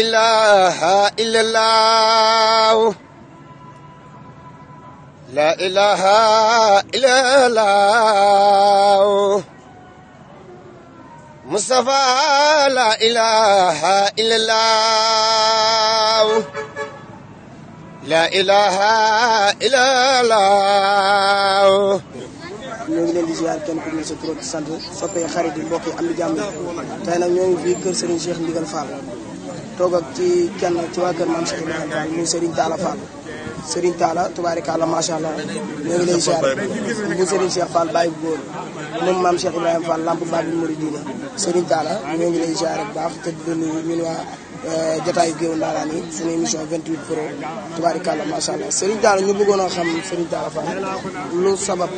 ilaha la ilaha illallah Mustafa la ilaha illallah la ilaha illallah ñoo leen di ziar kenn ku ne sa tur ak sant di jàmm tey nag ñoo ngi fii kër Serigne Cheikh Ndigal Fall toog ak ci kenn ci waa kër maam Cheikh Ibrahima Fall muy Serigne Talla Fall Serigne Talla tubaarikàlla macha allah ñoo ngi lay siyaare bu Serigne Cheikh Fall bàyyi bu góor moom maam Cheikh Ibrahima Fall lamp Babul Mouridina Serigne Talla ñoo ngi lay siyaare bu baax te di la nuyu ñun waa euh, jotaayu Géew Ndaanaan yi suñu émission 28 pro tubaarikàlla macha allah Serigne Talla ñu bëggoon a xam Serigne Talla Fall lu sabab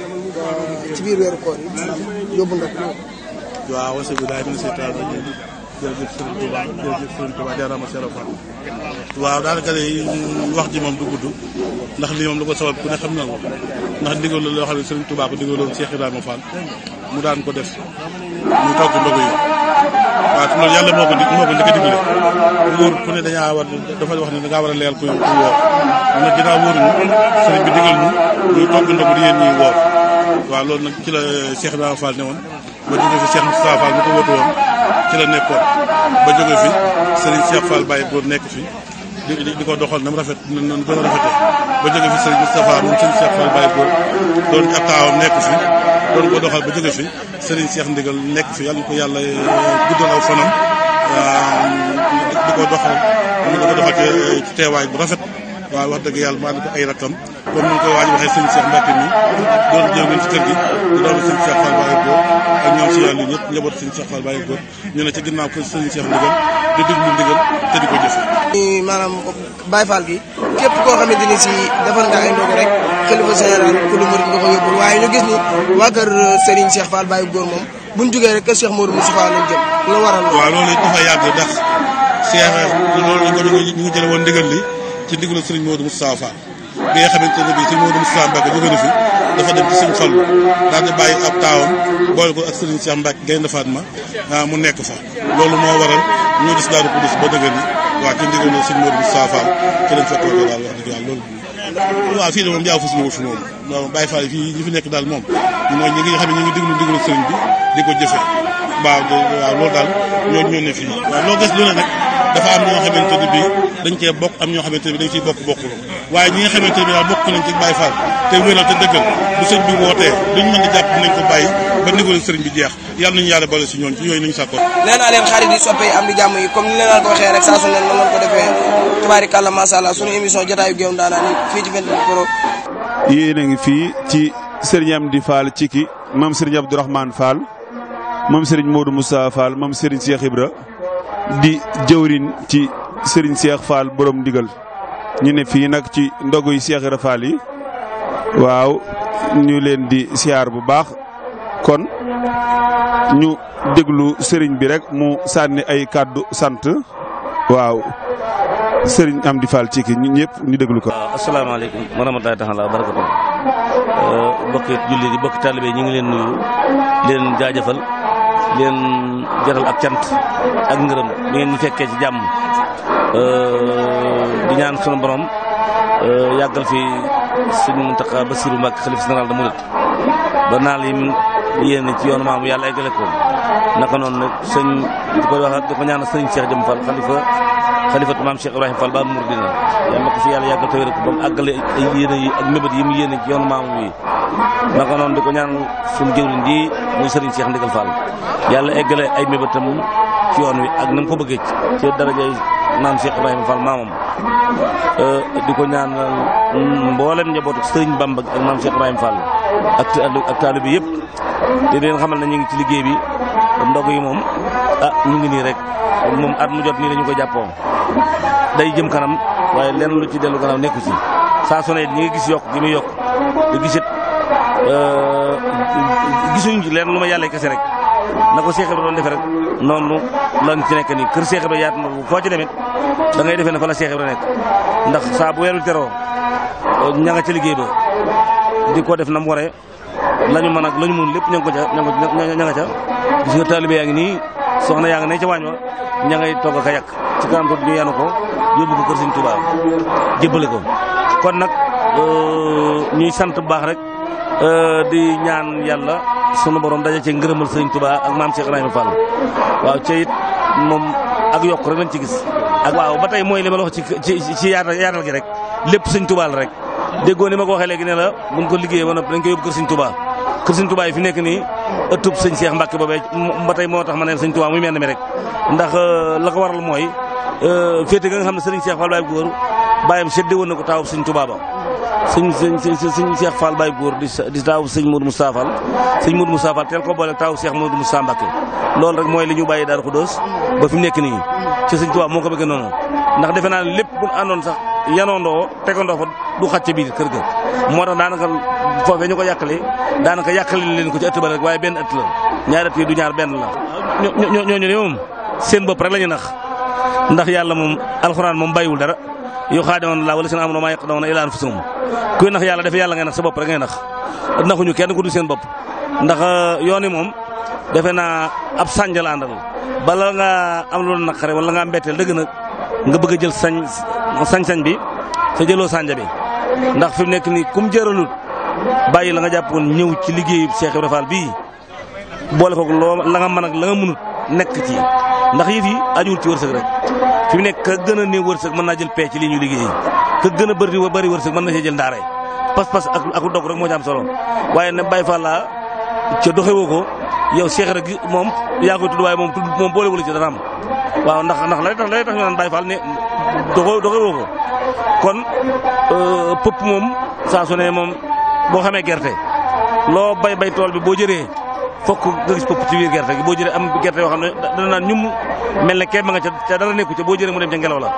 euh, ci biir weeru koor yi yóbbu nga ko. waaw wasalaamaaleykum. jërëjëf Serigne Touba jërëjëf Serigne Touba jaaraama waaw daanaka de wax ji moom du gudd ndax lii moom lu ko sabab ku ne xam na ko ndax ndigal la loo xam ne Serigne mu daan ko def mu togg ndogu yi waaw loolu yàlla moo ko di moo ko njëkk a digle wóor ku ne dañaa war dafa wax ne da ngaa war a leeral kuy kuy woor nag ginnaaw wóoruñu sëriñ bi digal ñu ñu togg ndogu di yéen ñuy woor waaw loolu nag ci la Cheikh Ibrahima Fall ne woon mu ko wóotu woon ci la nekkoon ba jóge fi Serigne Cheikh Fall Baye Góor nekk fi di di ko doxal na mu rafet na mu gën a ba jóge fi Serigne Moustapha moom Serigne Cheikh Fall Baye nekk fi doon ko doxal ba jóge fi Serigne Cheikh Ndigal nekk fi yàlla ko yàlla eh, guddal aw fanam di ko doxal di ko doxal eh, teewaay bu rafet. waaw wax dëgg yàlla mu ànd ko ay rakam comme ni ko waaj waxee sëñ Cheikh Mbacke mi doon ñëw nañ ci kër gi di doon sëñ Cheikh Fall Baye si yàlla ñëpp njaboot sëñ Cheikh Fall Baye Góor ñu ne ci ginnaaw ko sëñ Cheikh ndigal di déglu ndigal te di ko jëf maanaam Baye Fall bi képp koo xamante ni si defar nga ay ndogu rek xalifa général ku lu murid nga ko yóbbul waaye ñu gis ni waa kër Serigne Cheikh Fall Baye Góor waral waaw loolu dafa yàgg ndax Cheikh loolu ñu ko ñu ngi li ci ndigalu sëriñ Modou Moustapha Fall bi nga xamante ne bii sëriñ Modou Moustapha Mbacke jóge na fi dafa dem ci sëriñ Fallu daal di bàyyi ab taawam boole ko ak sëriñ Cheikh Mbacke Gaynde Fatma ah, mu nekk fa loolu moo waral ñu gis Daaru Xudoos ba dëgër ni waa ci ndigalu sëriñ Modou Moustapha Fall ci lañ fa toogee daal wax dëgg yàlla loolu waaw fii moom jaaw fas ma fi moom ñi fi nekk daal moom mooy ñi nga xam ne ñu ngi déglu ndigalu sëriñ bi di ko jëfee combat waaw loolu daal ñoo ñoo ne fii waaw loo gis lu ne dafa am ñoo xamante ne bii dañ cee bokk am ñoo xamante ne bii dañ ciy bokk bokkul waaye ñi nga xamante ne bii daal bokk nañ bu ko bàyyi ba ndigalu sëriñ bi jeex yàlla nañu yàlla bale si ñooñ ci yooyu nañu sàkkoon nee naa leen yi soppe am di jàmm yi comme ni leen ko waxee rek saa su ne noonu lañ ko defee tubaarikàlla masha Allah suñu émission jotaayu Géew Ndaanaan fii ci 24 Pro yéen a fii ci sëriñ Amdi Fall ci ki moom Serigne Modou Moussa Fall moom Serigne Cheikh Ibra di jëwriñ ci sëriñ Cheikh Fall borom ndigal ñu ne fii nag ci ndoguy Cheikh Ibra yi waaw ñu leen di siyaar bu baax kon ñu déglu sëriñ bi rek mu sànni ay kàddu sant waaw sëriñ am di Fall ci ki ñun ñu déglu ko. waaw asalaamaaleykum wa rahmatulaahi taala wa barakatuh euh, bokk julli di bokk taalibe ñu ngi leen nuyu leen jaajëfal. leen jaral ak cant ak ngërëm bi ngeen ñu fekkee ci jàmm di ñaan sunu borom euh, yàggal fi suñu Muntaxa Basiru Mbàkke xalif général de Mouride ba naal yi yéen ci yoonu maamu yàlla eggale ko naka noonu nag sëñ di koy wax di ko ñaanal sëñ Cheikh Jëm Fall xalifa xalifatu maam Cheikh Ibrahima Fall ba fi yàlla yàggal ko wér ko ba yi ak mébét yi mu ci yoonu maamu yi naka noonu di ko ñaan suñu jëwriñ ji muy sëriñ Cheikh Ndigal Fall yàlla eggale ay mébétam ci yoon wi ak na mu ko bëggee ci darajay maam Cheikh Ibrahima Fall maamam euh, di ko ñaanal mboolem njabootu sëriñ Bamba ak maam Cheikh Ibrahima Fall ak ak taalibe bi yëpp di leen xamal na ñu ngi ci liggéey bi ndog yi moom ah ñu ngi nii rek moom at mu jot nii dañu ko jàppoo day jëm kanam waaye lenn lu ci dellu gannaaw nekku ci saa su ne ñu ngi gis yokk gi muy di gisit Euh, gisuñu ci leen lu ma yàlla kese rek na ko Seex Ibra doon defee rek noonu lan si nekk nii kër Seex Ibra yaatu na foo ci demit dangay defe defee ne fa la Seex Ibra nekk ndax saa bu weeru teroo euh, ña nga ca liggéey ba di ko def na mu waree lañu ma nag lañu mun lépp ña nga ko ca ña nga ca gis nga taalibe yaa ngi nii soxna yaa ngi ne ca waañ wa ña ngay togg ak a ci kanam tuuti ñu yanu ko yóbbu ko kër Sëñ Tuubaa jébbale ko kon nag euh, ñuy sant baax rek Euh, di ñaan yàlla sunu borom daje ci ngërëmal sëriñ Tuubaa ak maam Cheikh Ibrahima Fall waaw ca it moom ak yokk rek lañ ci gis. ak waaw ba tey mooy li ma la wax ci ci ci yaatal yaatal gi rek lépp sëriñ Tuubaa la rek déggoo ni ma ko waxee léegi ne la buñ ko liggéeyee ba noppi dañ koy yóbbu kër sëriñ Tuubaa kër sëriñ Tuubaa fi nekk ni ëttub sëñ Cheikh Mbacke boobee ba moo tax ma ne sëriñ Tuubaa muy mel mi rek ndax euh, la ko waral mooy euh, féete nga xam ne sëriñ Cheikh Fall baay góor bàyyam séddee woon na ko taawub sëñ sëñ sëñ Cheikh Fall Baye Góor di di taawu sëñ Mourou Moustapha Fall sëñ Mourou Moustapha Fall teel ko boole taawu Cheikh Mourou Moustapha Mbacké loolu rek mooy li ñu bàyyi Daaru ba fi mu nekk nii ci sëñ Tuubaa moo ko bëgg noonu ndax defe naa lépp bu àndoon sax yanondoo tegandoo fa du xàcc biir kër ga moo tax daanaka foofee ñu ko yàqale daanaka yàqale leen ko ci ëtt ba rek waaye benn ëtt la ñaari ëtt yi du ñaar benn la ñooñu ne moom seen bopp rek la ñu nax ndax yàlla moom alxuraan yu xaadiwoon laa wala seen amro a yaqdawoona ila anfusahum kuy nax yàlla defe yàlla ngay nax sa bopp rek ngay nax ñu kenn ku du seen bopp ndax euh, yooni moom defe naa ab sànja la àndal bala nga am lu naqare wala nga am mbetteel dëgg nag nga bëgg a jël sañ sañ bi sa jëloo sànja bi ndax fi nekk nii kum jëralut bàyyi la nga jàppoon ñëw ci liggéeyu Cheikh bi Fall bii boole ko loo la nga mën la nga mënut nekk ci ndax yëf yi ajuwul ci wërsëg rek fi mu nekk ka gën a wërsëg mën naa jël pee li lii ñu liggéey ka gën a bëri bëri wërsëg mën na see jël ndaare pas-pas ak ak dog rek moo ci am solo waaye ne bay Fall laa ca doxewoo ko yow Cheikh gi moom yaa koy tudd waaye moom tudd moom boolewul ci dana am waaw ndax ndax lay tax lay tax ñu bay Baye Fall ne doxewoo doxewoo ko kon euh, pëpp moom saa moom boo xamee gerte loo bay bay tool bi boo jëree. fokk nga gis pëpp gerte gi boo jëlee am gerte yoo xam ne dana naan ñum mel ne kéem a nga ca ca dara nekku ca boo jëlee mu dem ca ngelaw la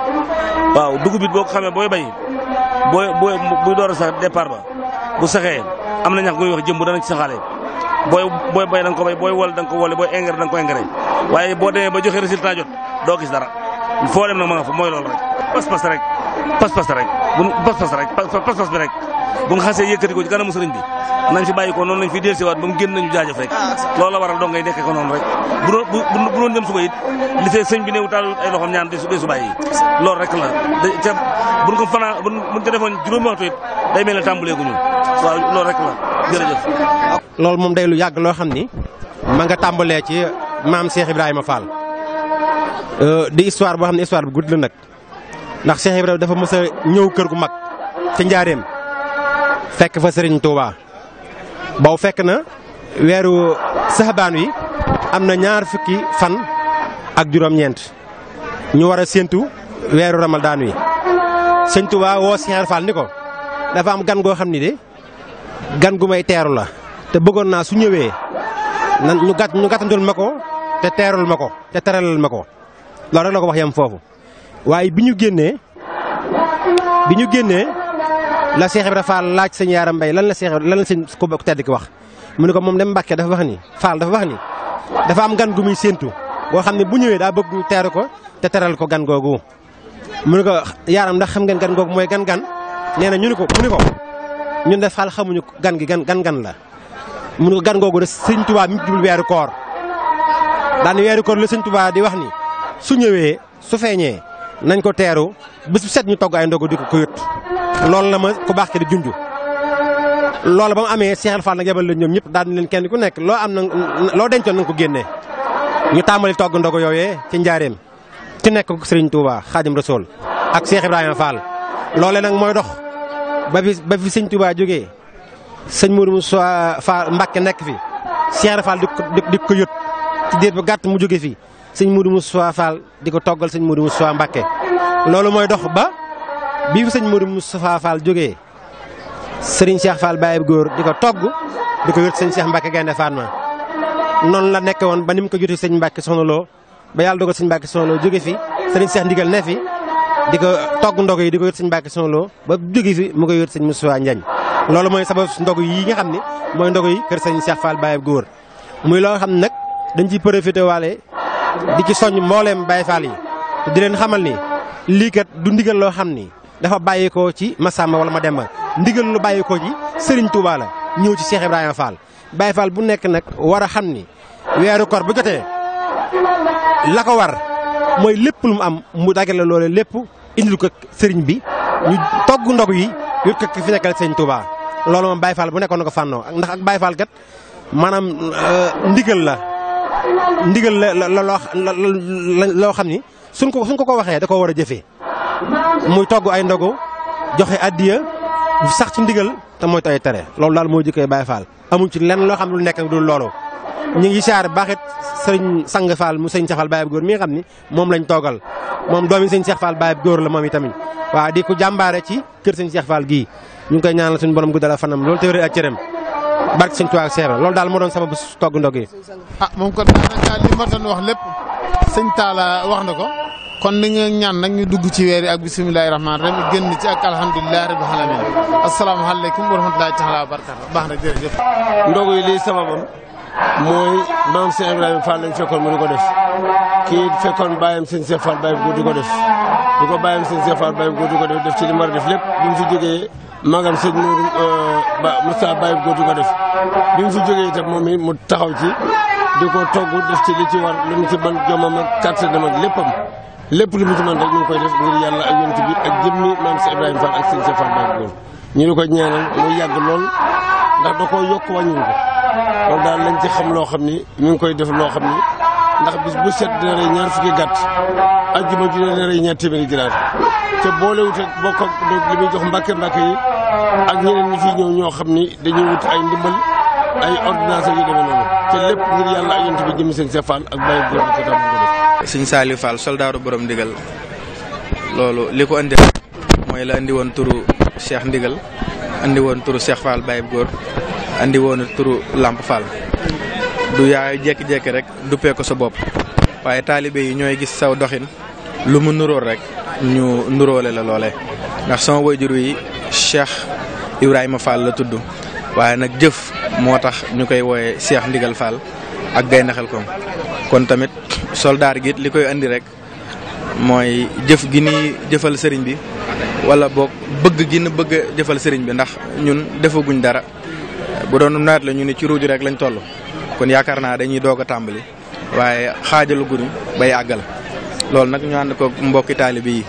waaw dugub boo ko booy bay booy booy buy door a sax départ ba bu saxee am na ñax guy wax jëmb dana ci saxaale booy booy bay da nga ko bay booy wol da ko wolle booy engrais da nga ko engrais waaye boo demee ba joxe résultat jot doo gis dara foo na nag ma nga fa mooy loolu rek pas-pas rek pas-pas rek bu pas-pas rek pas xasee yëkkati ci kanamu sëriñ bi nañ fi bàyyi ko noonu lañ fi dellusiwaat ba mu génn nañu jaajëf rek loolu la waral dong ngay nekkee ko noonu rek bu doon bu doon dem suba it li fee sëñ bi néew taal ay loxoom ñaan de su dee su loolu rek la ca buñ ko fanaa buñ ko defoon juróomi waxtu it day mel ne ñun waaw loolu rek la jërëjëf. loolu moom day lu yàgg loo xam ni ma nga tàmbalee ci maam Cheikh Ibrahima Fall euh, di histoire ndax Cheikh Ibrahima dafa mës ñëw kër gu mag ci njaareem fekk fa Serigne Touba boobu fekk na weeru saxabaan wi am na ñaar fukki fan ak juróom-ñeent ñu war a séentu weeru ramadaan wi sëñ Touba woo Cheikh Fall ni ko dafa am gan goo xam ni de gan gu may teeru la te bëggoon naa su ñëwee nan ñu gàtt ñu gàttandul ma ko te teerul ma ko te teralal ma ko loolu rek la ko wax yam foofu. waaye bi ñu génnee bi ñu génnee la Cheikh Ibra Fall laaj sëñ Yaara Mbay lan la Cheikh lan la sëñ ko tedd ki wax mu ne ko moom dem Mbàkke dafa wax ni Fall dafa wax ni dafa am gan gu muy séentu boo xam ne bu ñëwee daa bëgg teeru ko te teral ko gan googu mu ne ko yaaram ndax xam ngeen gan googu mooy gan gan nee na ñu ne ko mu ne ko ñun de Fall xamuñu gan gi gan gan gan la mu ne ko gan googu de sëñ Tuubaa mi jublu weeru koor daan weeru koor la sëñ di wax ni su ñëwee su feeñee nañ ko teeru bés bu set ñu togg ay ndogu di ko ko yët loolu la ma ku baax ki di junj loolu ba mu amee Cheikh Fall nag yebal la ñoom ñëpp daal di leen kenn ku nekk loo am na loo dencoon na ko génnee ñu tàmbali togg ndogu yooyee ci njaareem ci nekk Serigne Touba Khadim Rasoul ak Cheikh Ibrahima Fall loolee nag mooy dox ba fi ba fi Serigne Touba jógee sëñ Mourou Moussa Fall Mbacke nekk fi Cheikh Fall di ko di ko yët ci diir bu gàtt mu jóge fi sëñ Moudou Moustapha Fall di ko toggal sëñ Moudou Moustapha Mbacke loolu mooy dox ba bii fi mu Moudou Moustapha Fall jógee sëriñ Cheikh Fall Baye góor di ko togg di ko wér sëñ Cheikh Mbacke Gaynde ma noonu la nekke woon ba ni mu ko jotee sëñ Mbacke soxna loo ba yàlla dogal sëñ Mbacke soxna Lo jóge fi sëriñ Cheikh ndigal ne fi di ko togg ndog yi di ko wér sëñ Mbacke soxna Lo ba jóge fi mu ko koy wér sëñ Moustapha Ndiagne loolu mooy sabab ndog yi nga xam ne mooy ndog yi kër sëñ Cheikh Fall góor di ci soññ mbooleem Baye Fall yi di leen xamal ni lii du ndigal loo xam ni dafa bàyyeekoo ci Massamba wala ma dem Demba ndigal lu bàyyeekoo ci Serigne Touba la ñëw ci Cheikh Ibrahima Fall. Baye Fall bu nekk nag war a xam ni weeru kor bu jotee la ko war mooy lépp lu mu am mu dagale loole lépp indil ko Serigne bi ñu togg ndog yi yut ko fi nekkal Serigne Touba loolu moom Baye Fall bu nekkoon na ko fànnoo ndax ak Baye Fall kat maanaam euh, ndigal la. ndigal la la la loo xam ni suñ ko suñ ko ko waxee da ko war a jëfee muy togg ay ndogu joxe addiya sax ci ndigal te mooy tay tere loolu daal moo jëkkee Baye Fall amuñ ci lenn loo xam lu nekk du loolu ñu ngi siyaar baaxit sëriñ sang Fall mu sëñ Cheikh baay Baye góor mi nga xam ni moom lañ toogal moom doomi sëñ Cheikh Fall Baye góor la moom tamit waaw di ko jàmbaare ci kër sëñ Cheikh Fall gii ñu ngi koy ñaanal suñu borom guddal fanam loolu te wér ak cërëm barke sëñ Tuubaa seera loolu daal moo doon sama bés togg ndog yi. ah moom kon daanaka li ma doon wax lépp sëñ Talla wax na ko kon ni nga ñaan nag ñu dugg ci weer yi ak bisimilahi rahmaani rahim génn ci ak alhamdulilah rabbil alamin asalaamaaleykum wa rahmatulahi taala wa barakatu baax na jërëjëf. ndog yi lii sababam mooy maam Cheikh Ibrahima Fall lañ fekkoon mu di ko def kii fekkoon bàyyam sëñ Cheikh Fall bàyyam ko di ko def di ko bàyyam sëñ Cheikh Fall bàyyam def def a def magam sëñ Mourou euh, ba Moussa Baye góotu ko def bi mu fi jógee itam moom it mu taxaw ci di ko togg def ci li ci war lu mu ci mën jomam ak kàttanam ak léppam lépp lu mu ci mën rek ñu koy def ngir yàlla ak yonent bi ak jëmmi maam si Ibrahima Fall ak si Fall Baye ñu di ko ñaanal mu yàgg lool ndax da koo yokk wàññiwul ko loolu daal lañ ci xam loo xam ni ñu ngi koy def loo xam ni ndax bis bu set dina rey ñaar fukki gàtt ajjuma ji dina rey ñaar téeméeri ginaar te boolewut ak bokk muy jox mbàkke mbàkke yi ak ñeneen ñi fi ñëw ñoo xam ni dañuy wut ay ndimbal ay ordonnances yu demee noonu te lépp ngir yàlla ak yonent bi jëm seen sefaan ak bàyyi góor ñi ko soldaaru borom ndigal loolu li ko andi mooy la andi woon turu Cheikh Ndigal indi woon turu Cheikh Fall Baye Góor andi woon turu Lamp Fall du yaay jékki-jékki rek duppee ko sa bopp waaye taalibe yi ñooy gis saw doxin lu mu nuróol rek ñu nuróole la loole ndax sama wayjur yi Cheikh Ibrahima Fall la tudd waaye nag jëf moo tax ñu koy wooyee Cheikh Ndigal Fall ak Gaynde Xelkom kon tamit soldaar gi li koy indi rek mooy jëf gi ni jëfal sëriñ bi wala boog bëgg gi ni bëgg jëfal sëriñ bi ndax ñun defaguñ dara bu doon nawet la ñu ne ci ruuj rek lañ toll kon yaakaar naa dañuy doog a tàmbali waaye xaajalu guruñ bay àggal loolu nag ñu ànd ko mbokki taalibe yi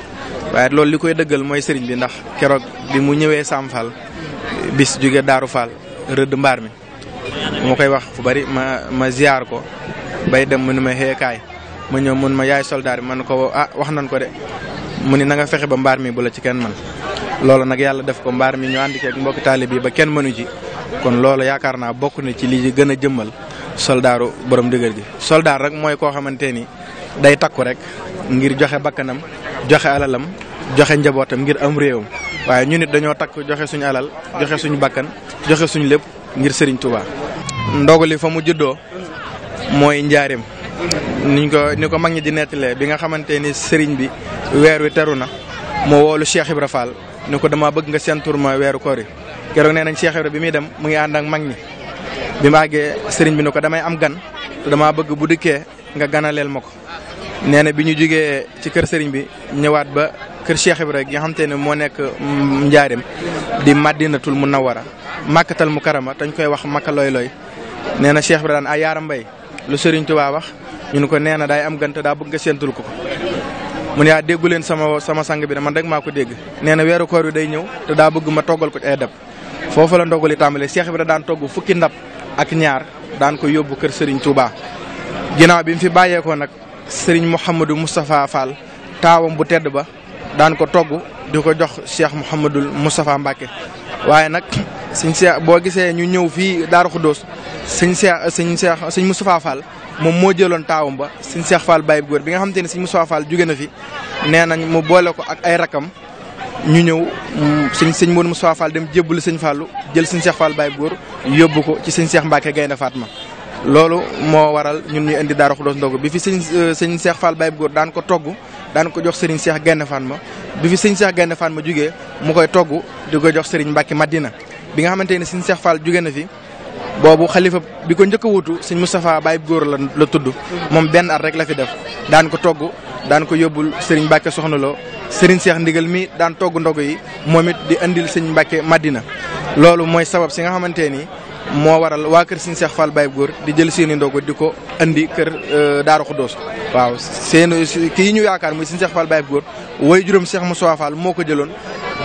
waaye loolu li koy dëggal mooy sëriñ bi ndax keroog bi mu ñëwee Sam Fall bis jóge Daaru Fall rëdd mbaar mi mu koy wax fu bari ma ma ziar ko bay dem mu ni ma xeekaay ma ñëw mun ma yaay soldaar bi man ko ah wax nañ ko de mu ni na fexe ba mbaar mi bu la ci kenn man loolu nag yàlla def ko mbaar mi ñu ànd ak mbokki taalib yi ba kenn mënu ci kon loolu yaakaar naa bokk na ci li gën a jëmmal soldaaru borom dëgër gi soldaar rek mooy koo xamante ni day takku rek ngir joxe bakkanam joxe alalam joxe njabootam ngir am réewam waaye ñu nit dañoo takk joxe suñu alal joxe suñu bakkan joxe suñu lépp ngir sëriñ Touba. ndogu li fa mu juddoo mooy njaareem niñ ko ni ko mag ñi di nettalee bi nga xamante ni Serigne bi weer wi teru na moo woolu Cheikh Ibra Fall ni ko dama bëgg nga seen ma weeru koor yi keroog nee nañ Cheikh Ibra bi muy dem mu ngi ànd ak mag ñi bi mu àggee Serigne bi ni ko damay am gan te damaa bëgg bu dikkee nga ganaleel ma ko. nee na bi ñu jógee ci kër sëriñ bi ñëwaat ba kër Cheikh Ibrahima gi nga xam ne moo nekk njaareem di Madinatul Munawwara màkkatal mu karama dañ koy wax makka looy looy na Cheikh Ibrahima daan ay yaaram mbay lu sëriñ Tuubaa wax ñu ne ko nee na daay am gant daa bëgg nga séentul ko mu ne yaa ah, leen sama sama sang bi ne man rek maa ko dégg nee na weeru koor day ñëw te daa bëgg ma toggal ko ay dab foofu la ndogali tàmbalee Cheikh Ibrahima daan togg fukki ndab ak ñaar daan ko yóbbu kër sëriñ Tuubaa ginnaaw bi mu fi bàyyeekoo nag sëriñ Mouhamadou Moustapha Fall taawam bu tedd ba daan ko togg di ko jox Cheikh Mouhamadul Moustapha Mbacke. waaye nag sëñ Cheikh boo gisee ñu ñëw fii Darou Khoudoss sëñ Cheikh sëñ Cheikh sëñ Moustapha Fall moom moo jëloon taawam ba sëñ Cheikh Fall Baye góor bi nga xamante ne sëñ Moustapha jóge na fi nee nañ mu boole ko ak ay rakam. ñu ñëw sëñ sëñ Modou Moustapha Fall dem jébbalu sëñ Fallou jël sëñ Cheikh Fall Baye Góor yóbbu ko ci sëñ Cheikh Mbacke Gaynde faatma loolu moo waral ñun ñu indi daara Xudoos ndogu bi fi sëñ euh, sëñ Seex Fall Baye Góor daan ko togg daan ko jox sëriñ Seex Gaynde Fatma bi fi sëñ Seex Gaynde Fatma jugee mu koy togg di ko jox sëriñ Mbàkke Madina bi nga xamante ne sëñ Seex Fall jugee na fi boobu xalifa bi ko njëkk a wuutu sëñ Moustapha Baye Góor la la tudd moom benn at rek la fi def daan ko togg daan ko yóbbul sëriñ Mbàkke Soxna loo sëriñ Seex Ndigal mi daan togg ndogu yi moom it di indil sëñ Mbàkke Madina loolu mooy sabab si nga xamante ni moo waral waa kër Serigne Cheikh Fall Baye Góor di jël seeni ndogo di ko indi kër euh, Daaru Xuddoos waaw seen kii ñu yaakaar muy Serigne Cheikh Fall Baye Góor way juróom Cheikh Moussa Fall moo ko jëloon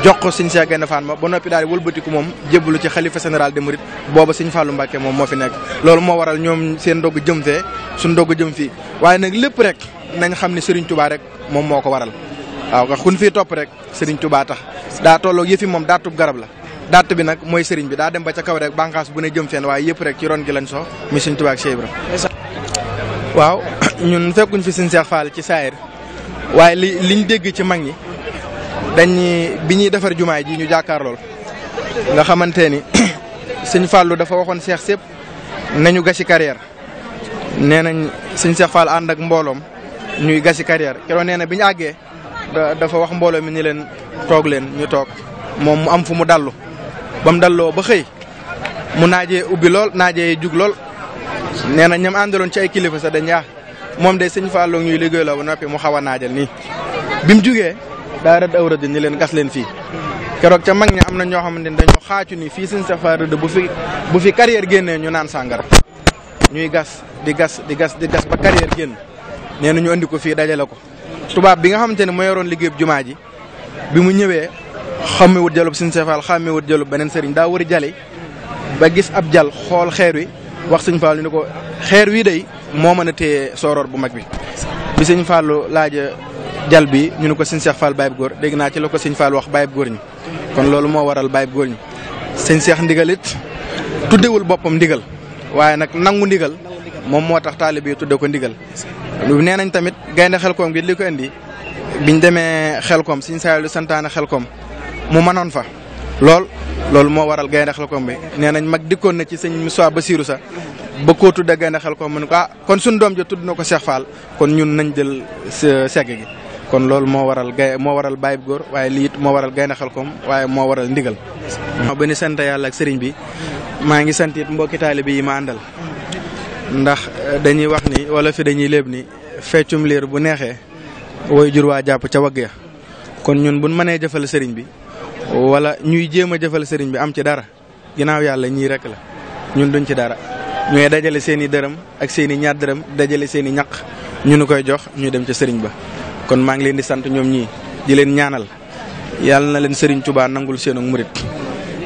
jox ko Serigne Cheikh Gaïndé Fatma ba noppi daal di wëlbatiku moom jébbalu ci xalifa sénéral de mourides booba Serigne Fallou Mbacké moom moo fi nekk loolu moo waral ñoom seen ndog jëm fee suñ ndog jëm fii waaye nag lépp rek nañ xam ne Serigne Touba rek moom moo ko waral waaw fii topp rek Serigne Touba tax daa tolloog yëfi moom daatub garab la dàtt bi nag mooy sëriñ bi daa dem ba ca kaw rek bànqaas bu ne jëm fenn waaye yëpp rek ci ron gi lañ so mi sëriñ Tuubaa ak Cheikh Ibra waaw ñun fekkuñ fi sëriñ Cheikh Fall ci saayir waaye li liñ dégg ci mag ñi dañ bi ñuy defar jumaay ji ñu jàkkaar lool nga xamante ni sëñ Fallou dafa waxoon Cheikh sépp nañu gasi carrière nee nañ sëñ Cheikh Fall ànd ak mbooloom ñuy gasi carrière keroog nee na bi ñu àggee dafa wax mbooloo mi ni leen toog leen ñu toog moom mu am fu mu dallu ba mu dalloo ba xëy mu naajee ubbi lool naajee jug lool nee na ñam àndaloon ci ay kilifa sa dañ yaax ah, moom de sëñ Fallou ñuy liggéey la ba noppi mu xaw a naajal nii bi mu jugee daa rëdd aw rëdd leen gas leen fii keroog ca mag ñi am na ñoo xamante ne dañoo xaacu ni fii sëñ Safa rëdd bu fi bu fi carrière génnee ñu naan sàngara ñuy gas di gas di gas di gas ba carrière génn nee na ñu andi ko fii dajale ko tubaab bi nga xamante ne moo yoroon liggéeyub jumaa ji bi mu ñëwee xammi wut jalub suñ seefaal xammi wut jalub beneen seriñ daa wari jale ba gis ab jal xool xeer wi wax sëñ Fall ni ko xeer wii day moo mën a téye sooroor bu mag bi bi sëñ Fallu laaja jal bi ñu ne ko sëñ Seex Fall baay bu góor dégg naa ci la ko sëñ Fall wax baay bu góor ñi kon loolu moo waral baay bu góor ñi sëñ Seex ndigal tuddewul boppam ndigal waaye nag nangu ndigal moom moo tax taalibe yi tudde ko ndigal nee nañ tamit gaynde xelkoom gi li ko indi biñ demee xelkoom sëñ Saaliu santaane xelkoom mu mënoon fa lool loolu moo waral gaynde xelkom bi nee nañ mag dikkoon na ci sëñ Moussa Bassirou sax ba koo tudda gaynde xelkom mu ne ko ah kon suñ doom ja na ko Cheikh Fall kon ñun nañ jël segg gi kon loolu moo waral gay moo waral baay bu waaye lii moo waral gaynde xelkom waaye moo waral ndigal ba sant yàlla ak sëriñ bi maa ngi sant it mbokki taalibe yi ma àndal ndax eh, dañuy wax ni walla fi dañuy léeb ni feccum liir bu neexee woy jur waa jàpp ca wagg kon ñun buñ mënee jëfal sëriñ bi wala ñuy jéem a jëfal sëriñ bi am ci dara ginnaaw yàlla ñii rek la ñun duñ ci dara ñooy dajale seen i dërëm ak seen i ñaar dërëm dajale seen i ñaq ñu nu koy jox ñu dem ca sëriñ ba kon maa ngi leen di sant ñoom ñii di leen ñaanal yàlla na leen sëriñ tubaa nangul seenu murit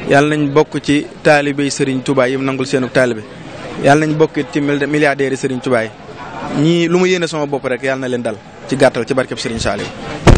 yàlla nañ bokk ci taalibey sëriñ tubaa yim nangul seenu taalibe yàlla nañ bokk ci milliardaires yi sëriñ tubaa yi ñii lu ma yéene sama bopp rek yàlla na leen dal ci gàttal ci barkeb sëriñ Saaliw